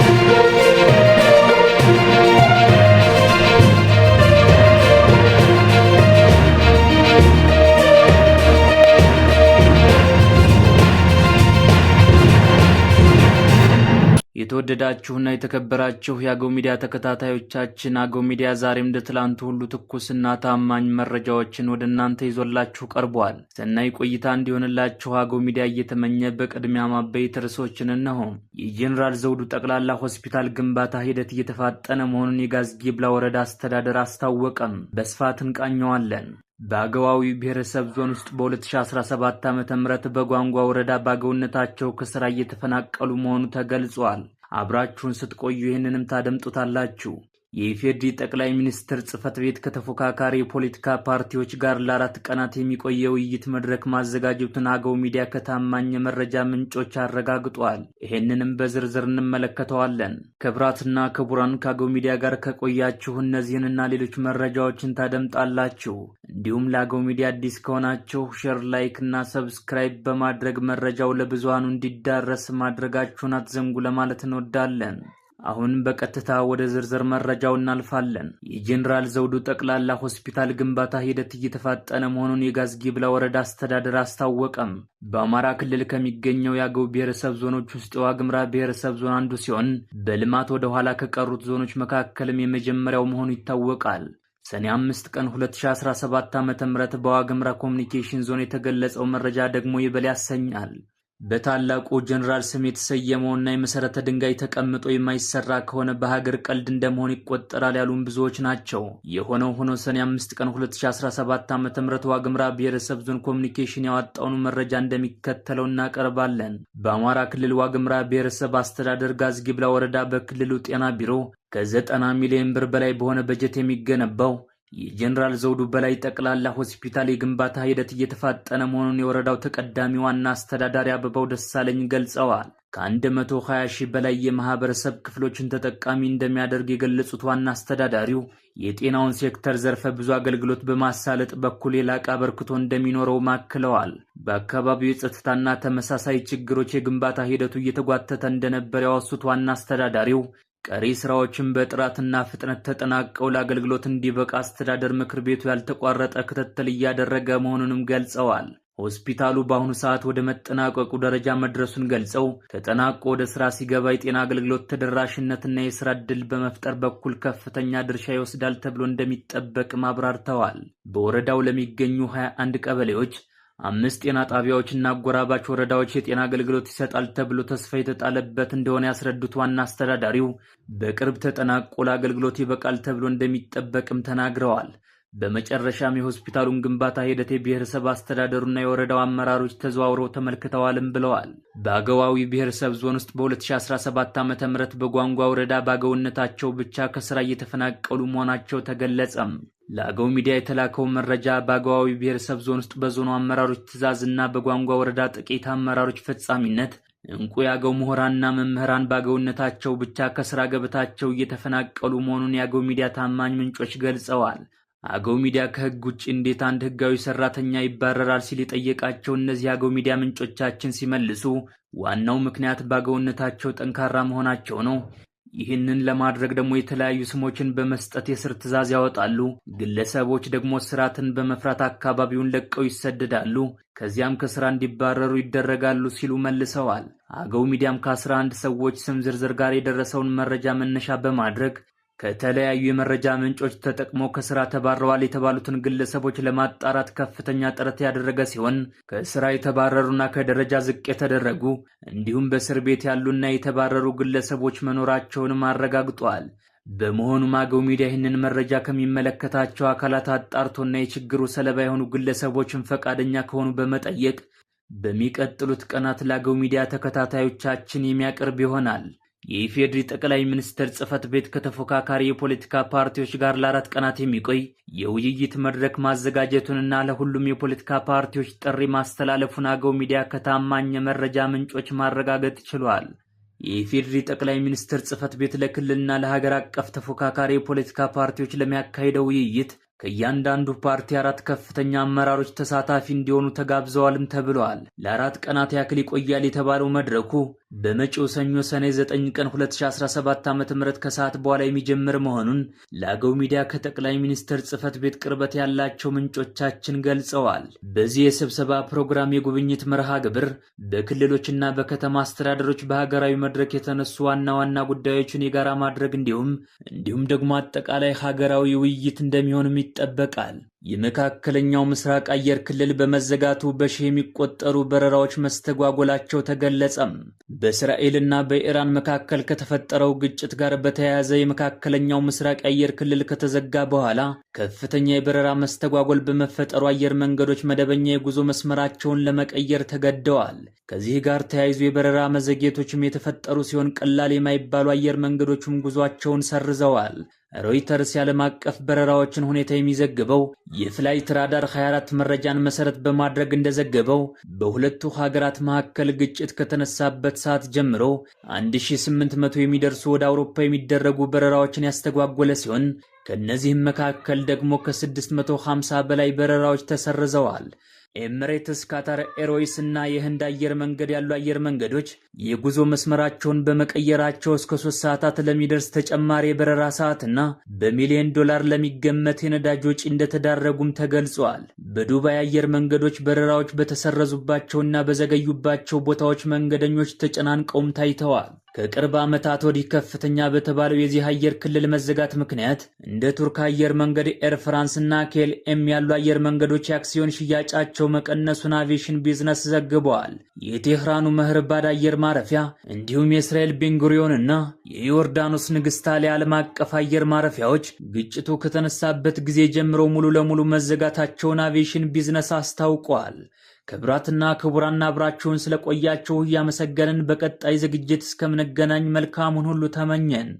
Música የተወደዳችሁና የተከበራችሁ የአገው ሚዲያ ተከታታዮቻችን አገው ሚዲያ ዛሬም እንደ ትላንቱ ሁሉ ትኩስና ታማኝ መረጃዎችን ወደ እናንተ ይዞላችሁ ቀርቧል። ሰናይ ቆይታ እንዲሆንላችሁ አገው ሚዲያ እየተመኘ በቅድሚያ ማበይት ርዕሶችን እነሆ። የጄኔራል ዘውዱ ጠቅላላ ሆስፒታል ግንባታ ሂደት እየተፋጠነ መሆኑን የጋዝጌብላ ወረዳ አስተዳደር አስታወቀም። በስፋት እንቃኘዋለን። በአገዋዊ ብሔረሰብ ዞን ውስጥ በ2017 ዓ ም በጓንጓ ወረዳ በአገውነታቸው ከስራ እየተፈናቀሉ መሆኑ ተገልጿል። አብራችሁን ስትቆዩ ይህንንም ታደምጡታላችሁ። የኢፌዴሪ ጠቅላይ ሚኒስትር ጽህፈት ቤት ከተፎካካሪ የፖለቲካ ፓርቲዎች ጋር ለአራት ቀናት የሚቆየ ውይይት መድረክ ማዘጋጀቱን አገው ሚዲያ ከታማኝ የመረጃ ምንጮች አረጋግጧል። ይህንንም በዝርዝር እንመለከተዋለን። ክብራትና ክቡራን ከአገው ሚዲያ ጋር ከቆያችሁ እነዚህንና ሌሎች መረጃዎችን ታደምጣላችሁ። እንዲሁም ለአገው ሚዲያ አዲስ ከሆናችሁ ሼር፣ ላይክ እና ሰብስክራይብ በማድረግ መረጃው ለብዙሃኑ እንዲዳረስ ማድረጋችሁን አትዘንጉ ለማለት እንወዳለን። አሁን በቀጥታ ወደ ዝርዝር መረጃው እናልፋለን። የጄኔራል ዘውዱ ጠቅላላ ሆስፒታል ግንባታ ሂደት እየተፋጠነ መሆኑን የጋዝጊብላ ወረዳ አስተዳደር አስታወቀም። በአማራ ክልል ከሚገኘው የአገው ብሔረሰብ ዞኖች ውስጥ የዋግምራ ብሔረሰብ ዞን አንዱ ሲሆን በልማት ወደ ኋላ ከቀሩት ዞኖች መካከልም የመጀመሪያው መሆኑ ይታወቃል። ሰኔ አምስት ቀን 2017 ዓ ም በዋግምራ ኮሚኒኬሽን ዞን የተገለጸው መረጃ ደግሞ ይበል ያሰኛል። በታላቁ ጀኔራል ስም የተሰየመውና የመሠረተ ድንጋይ ተቀምጦ የማይሰራ ከሆነ በሀገር ቀልድ እንደመሆን ይቆጠራል ያሉም ብዙዎች ናቸው። የሆነው ሆኖ ሰኔ 5 ቀን 2017 ዓ ም ዋግምራ ብሔረሰብ ዞን ኮሚኒኬሽን ያወጣውን መረጃ እንደሚከተለው እናቀርባለን። በአማራ ክልል ዋግምራ ብሔረሰብ አስተዳደር ጋዝጊብላ ወረዳ በክልሉ ጤና ቢሮ ከ90 ሚሊዮን ብር በላይ በሆነ በጀት የሚገነባው የጀኔራል ዘውዱ በላይ ጠቅላላ ሆስፒታል የግንባታ ሂደት እየተፋጠነ መሆኑን የወረዳው ተቀዳሚ ዋና አስተዳዳሪ አበባው ደሳለኝ ገልጸዋል። ከ120 ሺህ በላይ የማህበረሰብ ክፍሎችን ተጠቃሚ እንደሚያደርግ የገለጹት ዋና አስተዳዳሪው የጤናውን ሴክተር ዘርፈ ብዙ አገልግሎት በማሳለጥ በኩል የላቀ አበርክቶ እንደሚኖረው ማክለዋል። በአካባቢው የጸጥታና ተመሳሳይ ችግሮች የግንባታ ሂደቱ እየተጓተተ እንደነበር ያወሱት ዋና አስተዳዳሪው ቀሪ ስራዎችን በጥራትና ፍጥነት ተጠናቀው ለአገልግሎት እንዲበቃ አስተዳደር ምክር ቤቱ ያልተቋረጠ ክትትል እያደረገ መሆኑንም ገልጸዋል። ሆስፒታሉ በአሁኑ ሰዓት ወደ መጠናቀቁ ደረጃ መድረሱን ገልጸው ተጠናቆ ወደ ስራ ሲገባ የጤና አገልግሎት ተደራሽነትና የስራ እድል በመፍጠር በኩል ከፍተኛ ድርሻ ይወስዳል ተብሎ እንደሚጠበቅም ማብራርተዋል። በወረዳው ለሚገኙ 21 ቀበሌዎች አምስት ጤና ጣቢያዎችና አጎራባች ወረዳዎች የጤና አገልግሎት ይሰጣል ተብሎ ተስፋ የተጣለበት እንደሆነ ያስረዱት ዋና አስተዳዳሪው በቅርብ ተጠናቆ ለአገልግሎት ይበቃል ተብሎ እንደሚጠበቅም ተናግረዋል። በመጨረሻም የሆስፒታሉን ግንባታ ሂደት የብሔረሰብ አስተዳደሩና የወረዳው አመራሮች ተዘዋውረው ተመልክተዋልም ብለዋል። በአገዋዊ ብሔረሰብ ዞን ውስጥ በ2017 ዓ ም በጓንጓ ወረዳ በአገውነታቸው ብቻ ከስራ እየተፈናቀሉ መሆናቸው ተገለጸም። ለአገው ሚዲያ የተላከው መረጃ በአገዋዊ ብሔረሰብ ዞን ውስጥ በዞኑ አመራሮች እና በጓንጓ ወረዳ ጥቂት አመራሮች ፈጻሚነት እንቁ የአገው ምሁራንና መምህራን በአገውነታቸው ብቻ ከስራ ገበታቸው እየተፈናቀሉ መሆኑን የአገው ሚዲያ ታማኝ ምንጮች ገልጸዋል። አገው ሚዲያ ከህግ ውጭ እንዴት አንድ ህጋዊ ሰራተኛ ይባረራል ሲል የጠየቃቸው እነዚህ አገው ሚዲያ ምንጮቻችን ሲመልሱ ዋናው ምክንያት በአገውነታቸው ጠንካራ መሆናቸው ነው። ይህንን ለማድረግ ደግሞ የተለያዩ ስሞችን በመስጠት የስር ትዕዛዝ ያወጣሉ። ግለሰቦች ደግሞ ስርዓትን በመፍራት አካባቢውን ለቀው ይሰደዳሉ፣ ከዚያም ከስራ እንዲባረሩ ይደረጋሉ ሲሉ መልሰዋል። አገው ሚዲያም ከአስራ አንድ ሰዎች ስም ዝርዝር ጋር የደረሰውን መረጃ መነሻ በማድረግ ከተለያዩ የመረጃ ምንጮች ተጠቅሞ ከስራ ተባረዋል የተባሉትን ግለሰቦች ለማጣራት ከፍተኛ ጥረት ያደረገ ሲሆን ከስራ የተባረሩና ከደረጃ ዝቅ የተደረጉ እንዲሁም በእስር ቤት ያሉና የተባረሩ ግለሰቦች መኖራቸውንም አረጋግጧል። በመሆኑም አገው ሚዲያ ይህንን መረጃ ከሚመለከታቸው አካላት አጣርቶና የችግሩ ሰለባ የሆኑ ግለሰቦችን ፈቃደኛ ከሆኑ በመጠየቅ በሚቀጥሉት ቀናት ለአገው ሚዲያ ተከታታዮቻችን የሚያቀርብ ይሆናል። የኢፌዴሪ ጠቅላይ ሚኒስትር ጽህፈት ቤት ከተፎካካሪ የፖለቲካ ፓርቲዎች ጋር ለአራት ቀናት የሚቆይ የውይይት መድረክ ማዘጋጀቱንና ለሁሉም የፖለቲካ ፓርቲዎች ጥሪ ማስተላለፉን አገው ሚዲያ ከታማኝ የመረጃ ምንጮች ማረጋገጥ ችሏል። የኢፌዴሪ ጠቅላይ ሚኒስትር ጽህፈት ቤት ለክልልና ለሀገር አቀፍ ተፎካካሪ የፖለቲካ ፓርቲዎች ለሚያካሂደው ውይይት ከእያንዳንዱ ፓርቲ አራት ከፍተኛ አመራሮች ተሳታፊ እንዲሆኑ ተጋብዘዋልም ተብለዋል። ለአራት ቀናት ያክል ይቆያል የተባለው መድረኩ በመጪው ሰኞ ሰኔ 9 ቀን 2017 ዓ.ም ከሰዓት በኋላ የሚጀምር መሆኑን ለአገው ሚዲያ ከጠቅላይ ሚኒስትር ጽህፈት ቤት ቅርበት ያላቸው ምንጮቻችን ገልጸዋል። በዚህ የስብሰባ ፕሮግራም የጉብኝት መርሃ ግብር በክልሎችና በከተማ አስተዳደሮች በሀገራዊ መድረክ የተነሱ ዋና ዋና ጉዳዮችን የጋራ ማድረግ እንዲሁም እንዲሁም ደግሞ አጠቃላይ ሀገራዊ ውይይት እንደሚሆንም ይጠበቃል። የመካከለኛው ምስራቅ አየር ክልል በመዘጋቱ በሺህ የሚቆጠሩ በረራዎች መስተጓጎላቸው ተገለጸም። በእስራኤልና በኢራን መካከል ከተፈጠረው ግጭት ጋር በተያያዘ የመካከለኛው ምስራቅ አየር ክልል ከተዘጋ በኋላ ከፍተኛ የበረራ መስተጓጎል በመፈጠሩ አየር መንገዶች መደበኛ የጉዞ መስመራቸውን ለመቀየር ተገደዋል። ከዚህ ጋር ተያይዞ የበረራ መዘግየቶችም የተፈጠሩ ሲሆን ቀላል የማይባሉ አየር መንገዶችም ጉዟቸውን ሰርዘዋል። ሮይተርስ የዓለም አቀፍ በረራዎችን ሁኔታ የሚዘግበው የፍላይት ራዳር 24 መረጃን መሰረት በማድረግ እንደዘገበው በሁለቱ ሀገራት መካከል ግጭት ከተነሳበት ሰዓት ጀምሮ 1800 የሚደርሱ ወደ አውሮፓ የሚደረጉ በረራዎችን ያስተጓጎለ ሲሆን ከእነዚህም መካከል ደግሞ ከ650 በላይ በረራዎች ተሰርዘዋል። ኤምሬትስ፣ ካታር ኤሮይስ እና የህንድ አየር መንገድ ያሉ አየር መንገዶች የጉዞ መስመራቸውን በመቀየራቸው እስከ ሶስት ሰዓታት ለሚደርስ ተጨማሪ የበረራ ሰዓትና በሚሊዮን ዶላር ለሚገመት የነዳጅ ወጪ እንደተዳረጉም ተገልጿል። በዱባይ አየር መንገዶች በረራዎች በተሰረዙባቸውና በዘገዩባቸው ቦታዎች መንገደኞች ተጨናንቀውም ታይተዋል። ከቅርብ ዓመታት ወዲህ ከፍተኛ በተባለው የዚህ አየር ክልል መዘጋት ምክንያት እንደ ቱርክ አየር መንገድ፣ ኤር ፍራንስ እና ኬልኤም ያሉ አየር መንገዶች የአክሲዮን ሽያጫቸው መቀነሱን አቪሽን ቢዝነስ ዘግበዋል። የቴህራኑ መህርባድ አየር ማረፊያ እንዲሁም የእስራኤል ቤንጉሪዮን እና የዮርዳኖስ ንግሥት አልያ ዓለም አቀፍ አየር ማረፊያዎች ግጭቱ ከተነሳበት ጊዜ ጀምሮ ሙሉ ለሙሉ መዘጋታቸውን አቪሽን ቢዝነስ አስታውቋል። ክብራትና ክቡራን አብራችሁን ስለቆያችሁ እያመሰገንን በቀጣይ ዝግጅት እስከምንገናኝ መልካሙን ሁሉ ተመኘን።